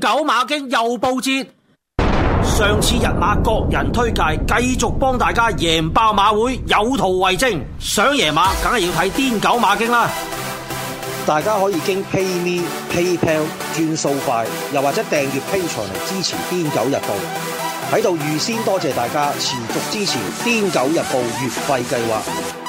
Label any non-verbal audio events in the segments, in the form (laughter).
癲狗馬經又報捷，上次日馬各人推介，繼續幫大家贏爆馬會，有圖為證。想贏馬，梗係要睇癲狗馬經啦。大家可以經 PayMe、PayPal 轉數快，又或者訂閱 Patreon 嚟支持癲狗日報，喺度預先多謝大家持續支持癲狗日報月費計劃。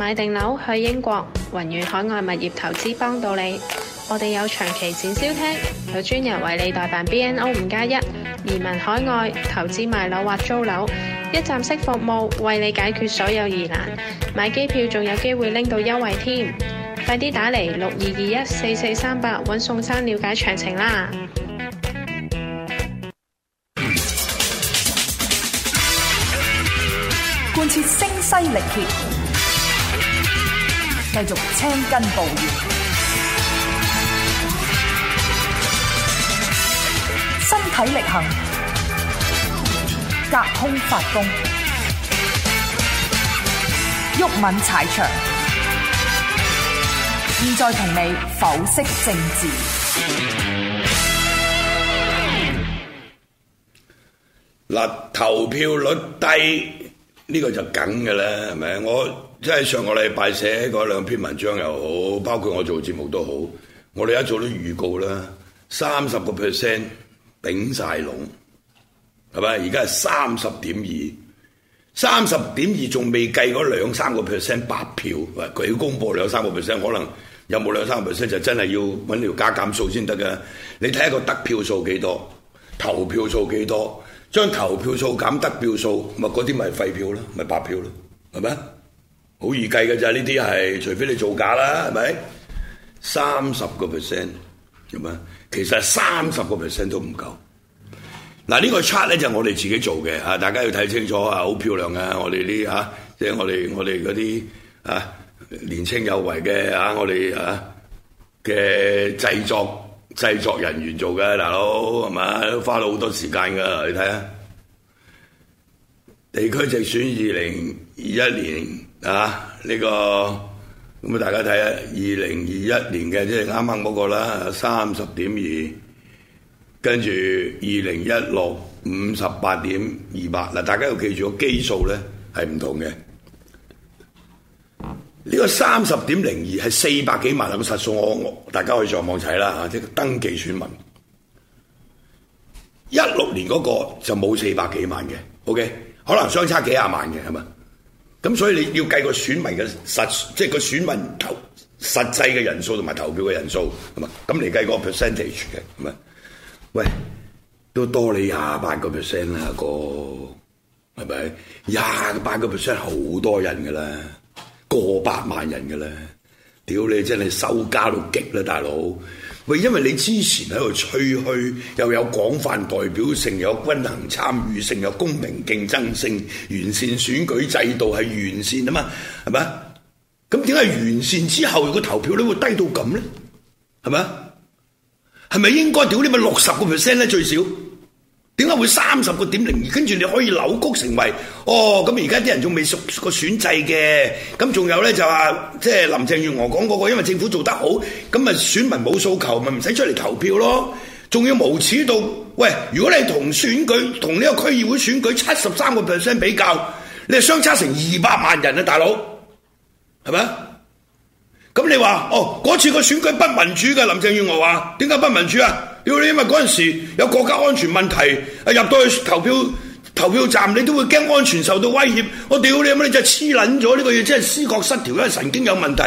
買定樓去英國，宏遠海外物業投資幫到你。我哋有長期展銷廳，有專人為你代辦 BNO 五加一移民海外投資、賣樓或租樓，一站式服務為你解決所有疑難。買機票仲有機會拎到優惠添，快啲打嚟，六二二一四四三八搵宋生了解詳情啦！貫徹聲嘶力竭。繼續青筋暴現，身體力行，隔空發功，毓民踩場。現在同你剖析政治。嗱，投票率低呢個就梗㗎啦，係咪？我即係上個禮拜寫嗰兩篇文章又好，包括我做節目都好，我哋一做啲預告啦，三十個 percent 頂晒龍，係咪？而家係三十點二，三十點二仲未計嗰兩三個 percent 白票，喂，佢要公佈兩三個 percent，可能有冇兩三個 percent 就真係要揾條加減數先得噶。你睇下個得票數幾多，投票數幾多，將投票數減得票數，咪嗰啲咪廢票啦，咪白票啦，係咪？好易計嘅咋呢啲係，除非你造假啦，係咪？三十個 percent 咁咩？其實三十個 percent 都唔夠。嗱，呢個 chart 咧就我哋自己做嘅嚇，大家要睇清楚啊！好漂亮啊！我哋啲嚇，即係我哋我哋嗰啲啊，年青有為嘅啊，我哋嚇嘅製作製作人員做嘅大佬，係咪？都花咗好多時間嘅，你睇下。地區直選二零二一年。啊！呢個咁啊，大家睇下二零二一年嘅，即係啱啱嗰個啦，三十點二，跟住，二零一六五十八點二八。嗱，大家要記住個基數咧係唔同嘅。呢個三十點零二係四百幾萬咁實數我，我大家可以上網睇啦嚇，即係登記選民一六年嗰個就冇四百幾萬嘅，OK，可能相差幾廿萬嘅係咪？咁所以你要計個選民嘅實，即係個選民投實際嘅人數同埋投票嘅人數，係嘛？咁你計個 percentage 嘅，係咪？喂，都多你廿八個 percent 啦，哥，係咪？廿八個 percent 好多人㗎啦，過百萬人㗎啦，屌你真係收加到極啦，大佬！因為你之前喺度吹噓，又有廣泛代表性，又有均衡參與性，有公平競爭性，完善選舉制度係完善啊嘛，係咪啊？咁點解完善之後，如果投票率會低到咁咧？係咪啊？係咪應該屌你咪六十個 percent 咧最少？點解會三十個點零二？跟住你可以扭曲成為哦咁。而家啲人仲未熟個選制嘅，咁仲有咧就話，即係林鄭月娥講嗰個，因為政府做得好，咁咪選民冇訴求，咪唔使出嚟投票咯。仲要無恥到，喂！如果你同選舉同呢個區議會選舉七十三個 percent 比較，你係相差成二百萬人啊，大佬，係咪啊？咁你話哦，嗰次個選舉不民主嘅。林鄭月娥話，點解不民主啊？屌你，因為嗰陣時候有國家安全問題，誒，入到去投票投票站，你都會驚安全受到威脅。我屌你，咁你真係黐卵咗，呢個嘢真係思覺失調，因為神經有問題。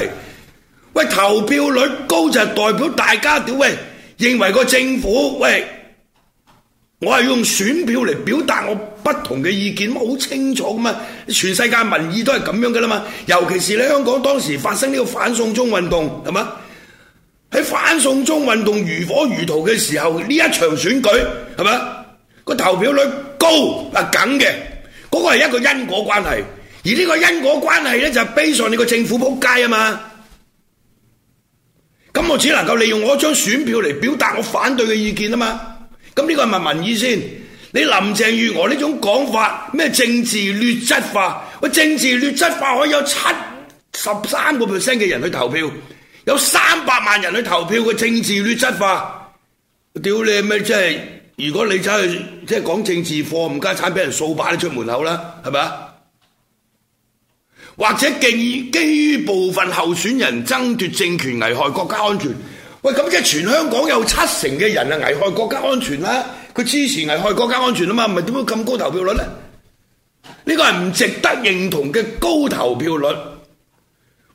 喂，投票率高就代表大家屌喂，認為個政府喂。我係用選票嚟表達我不同嘅意見，咁好清楚噶嘛？全世界民意都係咁樣噶啦嘛。尤其是咧，香港當時發生呢個反送中運動，係嘛？喺反送中運動如火如荼嘅時候，呢一場選舉，係嘛？個投票率高啊梗嘅，嗰、那個係一個因果關係。而呢個因果關係呢，就係逼上你個政府扑街啊嘛。咁我只能夠利用我一張選票嚟表達我反對嘅意見啊嘛。咁呢個係咪民意先？你林鄭月娥呢種講法咩政治劣質化？政治劣質化可以有七十三個 percent 嘅人去投票，有三百萬人去投票嘅政治劣質化，屌你咩？即係如果你真、就、係、是、即講政治課，冚家鏟俾人掃把你出門口啦，係咪？或者建議基於部分候選人爭奪政權，危害國家安全。喂，咁即係全香港有七成嘅人啊，危害國家安全啦，啊！佢支持危害國家安全啊嘛，唔係點解咁高投票率咧？呢個係唔值得認同嘅高投票率。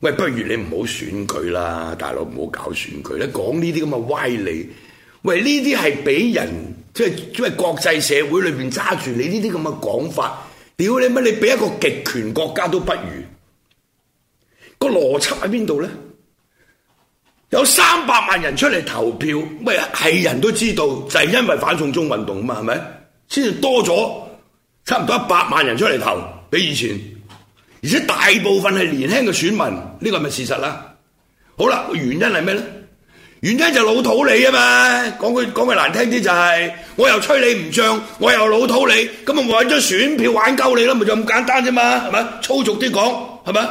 喂，不如你唔好選舉啦，大佬唔好搞選舉啦，講呢啲咁嘅歪理。喂，呢啲係俾人即係即係國際社會裏邊揸住你呢啲咁嘅講法，屌你乜！你俾一個極權國家都不如，個邏輯喺邊度咧？有三百萬人出嚟投票，咪係人都知道，就係、是、因為反送中運動啊嘛，係咪？先至多咗，差唔多一百萬人出嚟投比以前，而且大部分係年輕嘅選民，呢、這個係咪事實啦？好啦，原因係咩咧？原因就老土你啊嘛，講句講句難聽啲就係、是，我又吹你唔漲，我又老土你，咁啊，我咗張選票玩鳩你啦，咪就咁簡單啫、啊、嘛，係咪？粗俗啲講，係咪？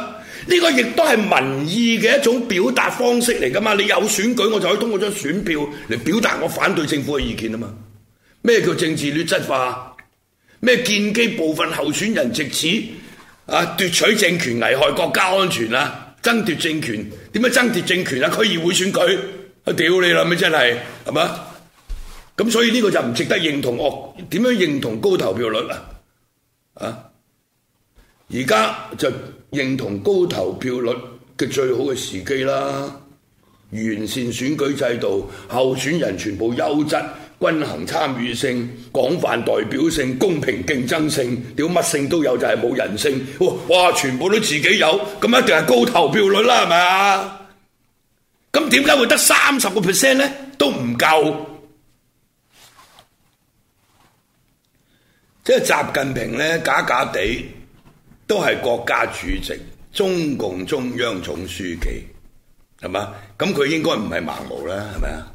呢個亦都係民意嘅一種表達方式嚟㗎嘛，你有選舉，我就可以通過張選票嚟表達我反對政府嘅意見啊嘛。咩叫政治劣質化？咩建基部分候選人藉此啊奪取政權，危害國家安全啊，爭奪政權，點樣爭奪政權啊？區議會選舉，我、啊、屌你啦咪，真係係嘛？咁所以呢個就唔值得認同哦。點、啊、樣認同高投票率啊？啊！而家就認同高投票率嘅最好嘅時機啦，完善選舉制度，候選人全部優質，均衡參與性、廣泛代表性、公平競爭性，屌乜性都有，就係冇人性哇。哇，全部都自己有，咁一定係高投票率啦，係咪啊？咁點解會得三十個 percent 咧？都唔夠。即係習近平咧，假假地。都係國家主席、中共中央總書記，係嘛？咁佢應該唔係盲毛啦，係咪啊？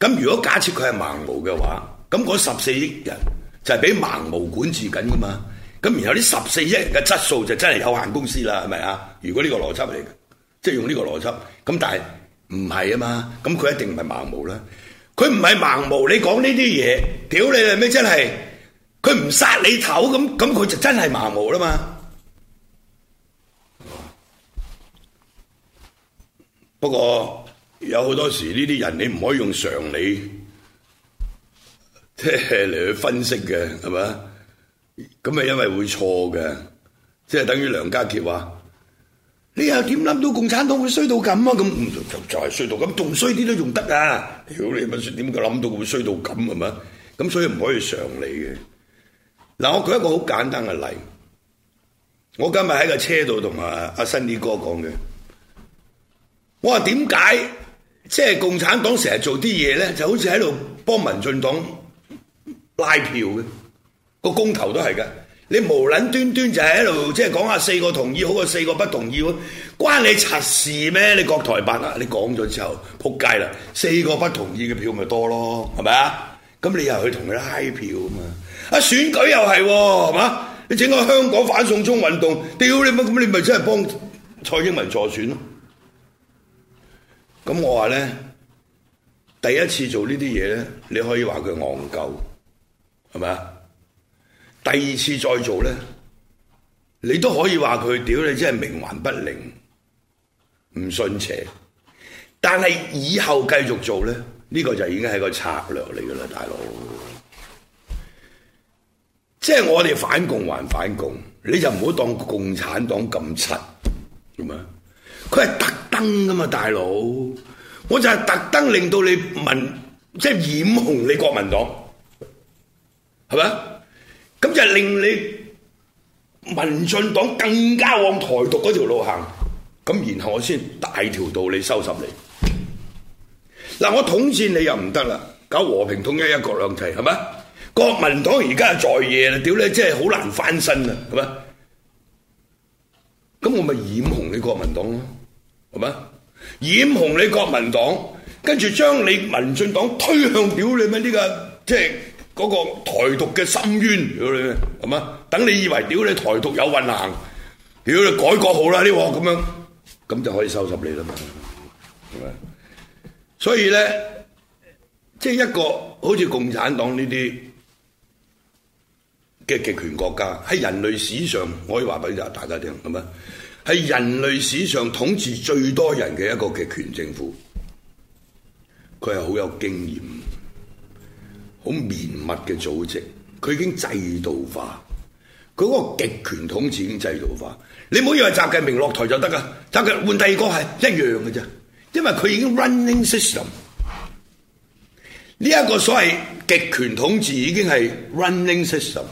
咁如果假設佢係盲毛嘅話，咁嗰十四億人就係俾盲毛管治緊噶嘛？咁然後呢十四億人嘅質素就真係有限公司啦，係咪啊？如果呢個邏輯嚟嘅，即係用呢個邏輯，咁但係唔係啊嘛？咁佢一定唔係盲毛啦，佢唔係盲毛，你講呢啲嘢，屌你係咩？真係！佢唔殺你頭咁，咁佢就真係麻木啦嘛。 (music) 不過有好多時呢啲人你唔可以用常理嚟 (laughs) 去分析嘅，係咪啊？咁因為會錯嘅，即係等於梁家傑話：你又點諗到共產黨會衰到咁啊？咁就就係衰到咁，仲衰啲都仲得啊！屌你乜說，點解諗到會衰到咁係咪？咁所以唔可以常理嘅。嗱，我舉一個好簡單嘅例，我今日喺個車度同阿阿新宇哥講嘅，我話點解即係共產黨成日做啲嘢咧，就好似喺度幫民進黨拉票嘅，個公投都係㗎。你無撚端端就喺度，即係講下四個同意好過四個不同意喎，關你柒事咩？你國台辦啊，你講咗之後，撲街啦，四個不同意嘅票咪多咯，係咪啊？咁你又去同佢拉票啊嘛？啊！選舉又係喎，係嘛？你整個香港反送中運動，屌你乜咁？你咪真係幫蔡英文助選咯，啊？咁我話咧，第一次做呢啲嘢咧，你可以話佢戇鳩，係咪啊？第二次再做咧，你都可以話佢屌你，真係冥頑不靈，唔信邪。但係以後繼續做咧，呢、呢個就已經係個策略嚟㗎啦，大佬。即係我哋反共還反共，你就唔好當共產黨咁柒，做咩？佢係特登噶嘛，大佬，我就係特登令到你民，即係染紅你國民黨，係咪啊？咁就令你民進黨更加往台獨嗰條路行，咁然後我先大條道理收拾你。嗱，我統戰你又唔得啦，搞和平統一一國兩制，係咪？國民黨而家在野啦，屌你，真係好難翻身呀，係咪？咁我咪染紅你國民黨囉，係咪？染紅你國民黨，跟住將你民進黨推向屌你咩呢個，即係嗰個台獨嘅深淵，屌你咩，係嘛？等你以為屌你台獨有運行，屌你改革好啦，呢鑊咁樣，咁就可以收拾你啦嘛，係咪？所以呢，即係一個好似共產黨呢啲，嘅極權國家喺人類史上，我可以話俾大家聽，咁啊，喺人類史上統治最多人嘅一個極權政府，佢係好有經驗，好綿密嘅組織，佢已經制度化，佢嗰個極權統治已經制度化。你唔好以為習近平落台就得㗎，習近平換第二個係一樣嘅啫，因為佢已經 running system。呢一個所謂極權統治已經係 running system。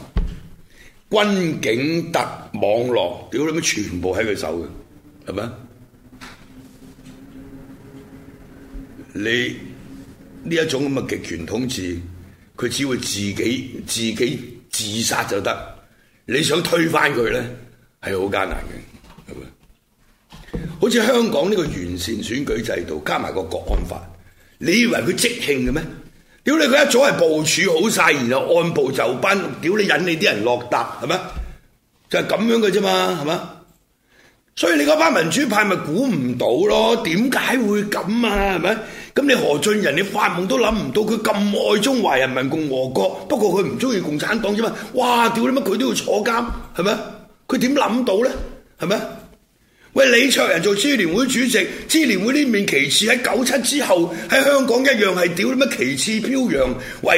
軍警特網絡，屌你媽！全部喺佢手嘅，係咪啊？你呢一種咁嘅極權統治，佢只會自己自己自殺就得。你想推翻佢咧，係好艱難嘅，係咪？好似香港呢個完善選舉制度加埋個國安法，你以為佢即興嘅咩？屌你，佢一早係部署好晒，然後按部就班。屌你，引你啲人落搭，係咪？就係咁樣嘅啫嘛，係咪？所以你嗰班民主派咪估唔到咯？點解會咁啊？係咪？咁你何俊仁，你發夢都諗唔到佢咁愛中華人民共和國，不過佢唔中意共產黨啫嘛。哇！屌你乜，佢都要坐監，係咪？佢點諗到咧？係咪？喂，李卓人做支聯會主席，支聯會呢面旗幟喺九七之後喺香港一樣係屌乜旗幟，飄揚，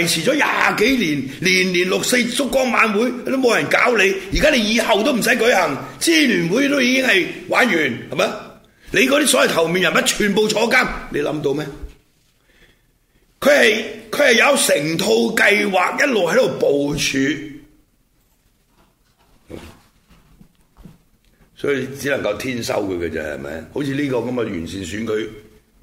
維持咗廿幾年，年年六四燭光晚會都冇人搞你，而家你以後都唔使舉行，支聯會都已經係玩完，係咪？你嗰啲所謂頭面人物全部坐監，你諗到咩？佢係佢係有成套計劃，一路喺度部署。所以只能夠天收佢嘅啫，係咪？好似呢個咁嘅完善選舉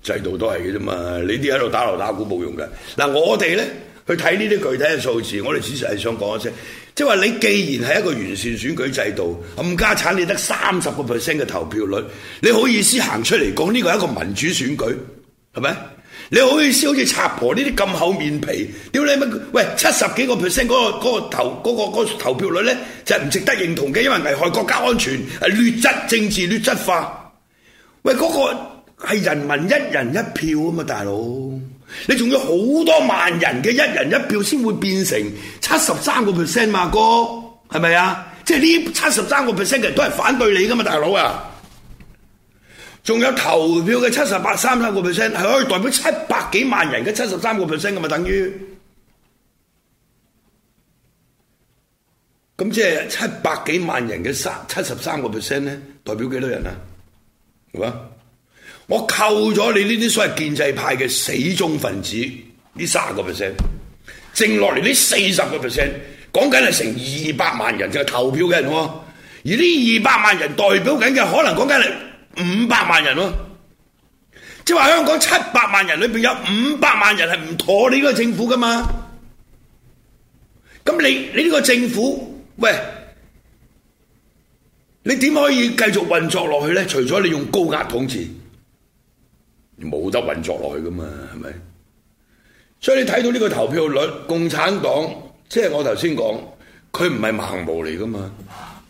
制度都係嘅啫嘛。你啲喺度打鑼打鼓冇用嘅。嗱，我哋咧去睇呢啲具體嘅數字，我哋其實係想講一聲，即係話你既然係一個完善選舉制度，冚家鏟你得三十個 percent 嘅投票率，你好意思行出嚟講呢個係一個民主選舉，係咪？你好意思好似賊婆呢啲咁厚面皮，屌你乜？喂，七十幾個 percent 嗰個嗰個投嗰個嗰投票率咧，就係唔值得認同嘅，因為危害國家安全，係劣質政治劣質化。喂，嗰個係人民一人一票啊嘛，大佬，你仲要好多萬人嘅一人一票先會變成七十三個 percent 嘛哥，係咪啊？即係呢七十三個 percent 嘅人都係反對你噶嘛，大佬啊！仲有投票嘅七十八、三三個 percent，係可以代表七百幾萬人嘅七十三個 percent 咁咪等於？咁即係七百幾萬人嘅三七十三個 percent 咧，代表幾多人啊？係嘛？我扣咗你呢啲所謂建制派嘅死忠分子呢卅個 percent，剩落嚟呢四十個 percent，講緊係成二百萬人就係投票嘅人喎，啊。而呢二百萬人代表緊嘅可能講緊係。五百萬人咯、啊，即係話香港七百萬人裏邊有五百萬人係唔妥你呢個政府噶嘛？咁你你呢個政府，喂，你點可以繼續運作落去咧？除咗你用高壓統治，冇得運作落去噶嘛？係咪？所以你睇到呢個投票率，共產黨即係我頭先講，佢唔係盲目嚟噶嘛，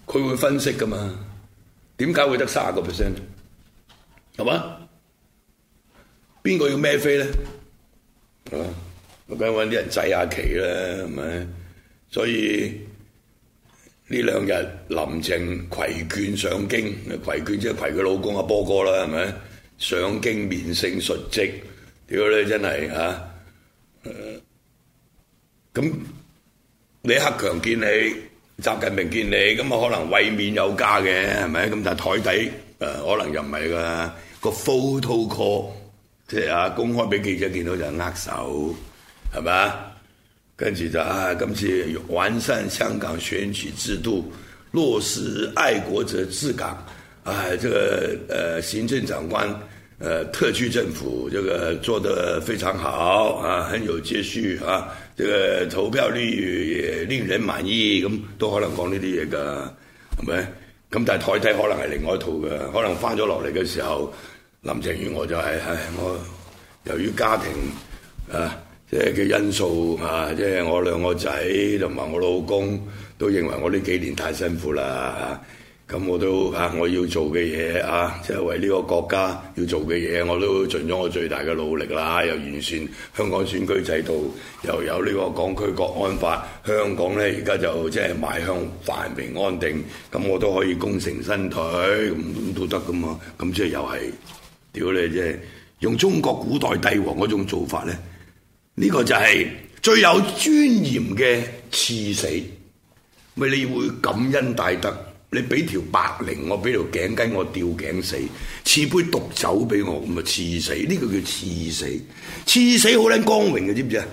佢會分析噶嘛？點解會得卅個 percent？係嘛？邊個要孭飛咧？係、啊、嘛？我梗係揾啲人制下旗啦，係咪？所以呢兩日林鄭携眷上京，携眷即係携佢老公阿波哥啦，係咪？上京面聖述職，屌你真係嚇！咁、啊啊、李克強見你，習近平見你，咁啊可能慰勉有加嘅，係咪？咁但係台底，誒、啊、可能又唔係噶。個 photo call，即係啊，公開俾記者見到就握手，係嘛？跟住就啊，今次完善香港選舉制度，落實愛國者治港，啊、哎，這個誒、呃、行政長官、誒、呃、特區政府，這個做得非常好，啊，很有秩序啊，這個投票率也令人滿意，咁都可能講呢啲嘢㗎，係咪？咁但係台底可能係另外一套嘅，可能翻咗落嚟嘅時候，林鄭月娥就係、是、唉，我由於家庭啊，即係嘅因素嚇，即、就、係、是、我兩個仔同埋我老公都認為我呢幾年太辛苦啦咁我都嚇，我要做嘅嘢啊，即係為呢個國家要做嘅嘢，我都盡咗我最大嘅努力啦、啊，又完善香港選舉制度，又有呢個港區國安法，香港咧而家就即係邁向繁榮安定，咁我都可以功成身退，咁都得噶嘛？咁即係又係屌你即係用中國古代帝王嗰種做法咧，呢個就係最有尊嚴嘅賜死，咪你會感恩戴德。你俾條白綾，我俾條頸巾，我吊頸死；賜杯毒酒俾我，咁啊賜死，呢、呢個叫賜死，賜死好捻光榮嘅，知唔知啊？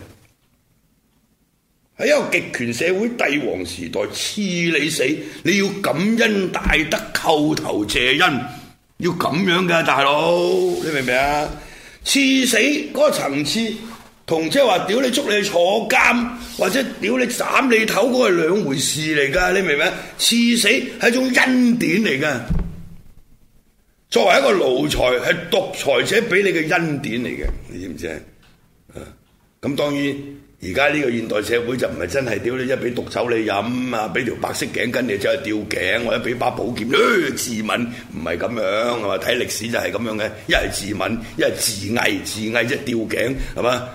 喺一個極權社會、帝王時代，賜你死，你要感恩大德，叩頭謝恩，要咁樣嘅大佬，你明唔明啊？賜死嗰個層次。同即係話屌你捉你去坐監，或者屌你斬你頭，嗰係兩回事嚟噶，你明唔明？賜死係種恩典嚟噶。作為一個奴才，係獨裁者俾你嘅恩典嚟嘅，你知唔知？啊、嗯，咁當然，而家呢個現代社會就唔係真係屌你一俾毒酒你飲啊，俾條白色頸巾你走去吊頸，或者俾把寶劍誒自刎，唔係咁樣係嘛？睇歷史就係咁樣嘅，一係自刎，一係自縊，自縊即係吊頸，係嘛？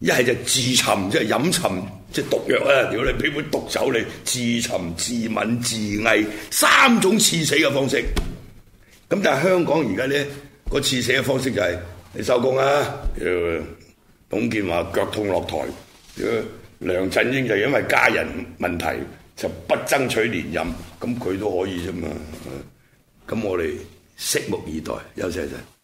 一係就自沉，即係飲沉，即毒藥咧。如果你俾杯毒酒，你自沉、自刎、自危，三種刺死嘅方式。咁但係香港而家咧，個刺死嘅方式就係、是、你收工啦。董建華腳痛落台，梁振英就因為家人問題就不爭取連任。咁佢都可以啫嘛。咁我哋拭目以待，休息一陣。